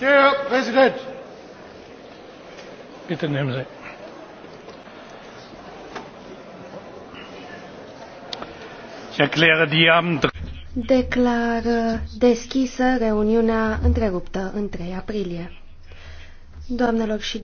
Herr Präsident! Bitte nehmen Sie. deschisă reuniunea întreruptă în 3 aprilie. Doamnelor și